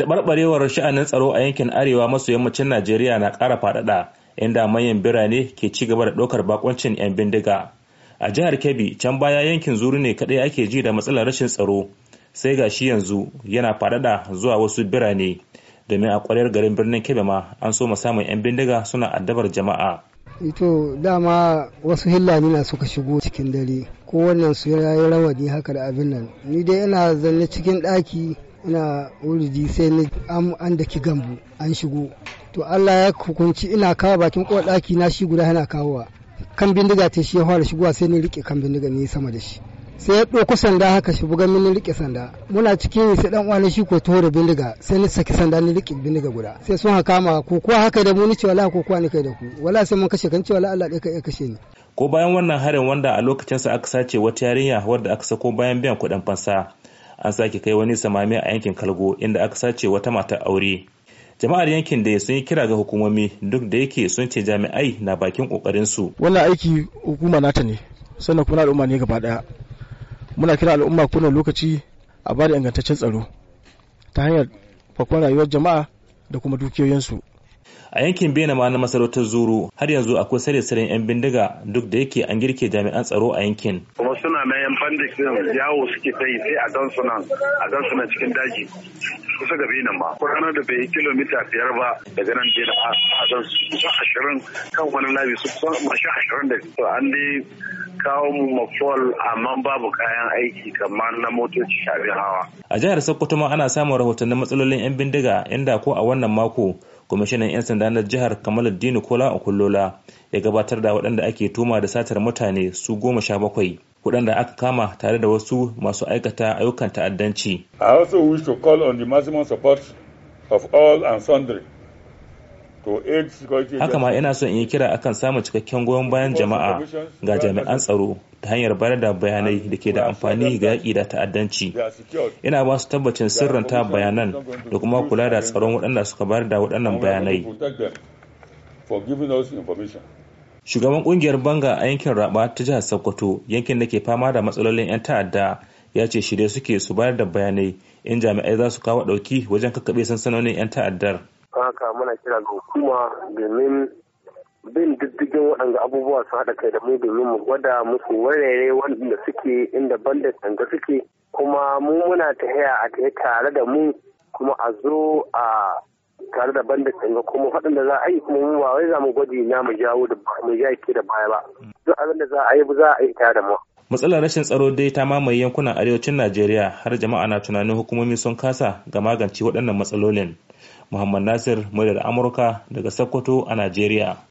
tabarbarewar sha'anin tsaro a yankin arewa maso yammacin najeriya na ƙara faɗaɗa inda manyan birane ke ci gaba da ɗaukar bakoncin 'yan bindiga a jihar kebbi can baya yankin zuru ne kaɗai ake ji da matsalar rashin tsaro sai ga shi yanzu yana faɗaɗa zuwa wasu birane domin a ƙwarar garin birnin kebbi ma an so samun 'yan bindiga suna addabar jama'a ito dama wasu hillani na suka shigo cikin dare wannan su ya yi rawani haka da abin nan ni dai ina zanne cikin ɗaki ina wuridi sai na an da gambu an shigo to Allah ya hukunci ina kawo bakin ɗaki na shi guda yana kawowa kan bindiga ta shi ya fara shigowa sai ni rike kan bindiga ni sama da shi sai ya ɗauko sanda haka shi buga mini rike sanda muna cikin sai dan uwa shi ko taho bindiga sai ni saki sanda ni rike bindiga guda sai sun haka ma ko kuwa haka da mu ni ce wala ko kuwa ni kai da ku wala sai mun kashe kan ce wala Allah dai kai kashe ni ko bayan wannan harin wanda a lokacin sa aka sace wata yarinya wadda aka sako bayan biyan kuɗin fansa an sake kai wani samami a yankin kalgo inda aka sace wata mata aure jama'ar yankin da sun yi kira ga hukumomi duk da yake sun ce jami'ai na bakin kokarin su wannan aiki hukuma nata ne sannan kuma al'umma ne gaba daya muna kira al'umma kuna lokaci a bada ingantaccen tsaro ta hanyar fakon rayuwar jama'a da kuma dukiyoyinsu a yankin ma na masarautar zuru har yanzu akwai sare-saren 'yan bindiga duk da yake an girke jami'an tsaro a yankin kuma suna yan bandit din yawo suke ta yi sai a gan a cikin daji kusa ga benin ma ko ranar da bai kilomita biyar ba daga nan benin a gan su ashirin kan wani labi su kusa mashi ashirin da an dai kawo mu amma babu kayan aiki kamar na motoci shabi hawa. A jihar Sokoto ma ana samun rahotannin matsalolin 'yan bindiga inda ko a wannan mako kwamishinan 'yan sanda na jihar Kamaluddin Kola kullola ya gabatar da waɗanda ake tuma da satar mutane su goma sha bakwai. da aka kama tare da wasu masu aikata ayyukan ta'addanci. I also wish to call on the maximum support of all and sundry Haka ma ina son in yi kira akan samun cikakken goyon bayan jama'a ga jami'an tsaro ta hanyar bayar da bayanai da ke da amfani ga yaƙi da ta'addanci. Ina ba su tabbacin sirranta bayanan da kuma kula da tsaron waɗanda suka bayar da waɗannan bayanai. for giving information. shugaban kungiyar banga a yankin raba ta jihar sokoto yankin da ke fama da matsalolin 'yan ta'adda ya ce shirye suke su bayar da bayanai in jami'ai za su kawo ɗauki wajen kakkaɓe sansanonin 'yan ta'addar haka muna kira ga hukuma domin bin diddigin waɗanda abubuwa su haɗa kai da mu domin mu gwada musu warere wanda suke inda bandit tanga suke kuma mu muna tahiya a tare da mu kuma a zo a tare da banda ɗin ga kuma faɗin da za a yi kuma mu ba wai za mu gwaji na mu jawo da mu ja ke da baya ba duk abin da za a yi za a yi tare da mu. matsalar rashin tsaro dai ta mamaye yankunan arewacin najeriya har jama'a na tunanin hukumomi sun kasa ga magance waɗannan matsalolin muhammad nasir muryar amurka daga sokoto a najeriya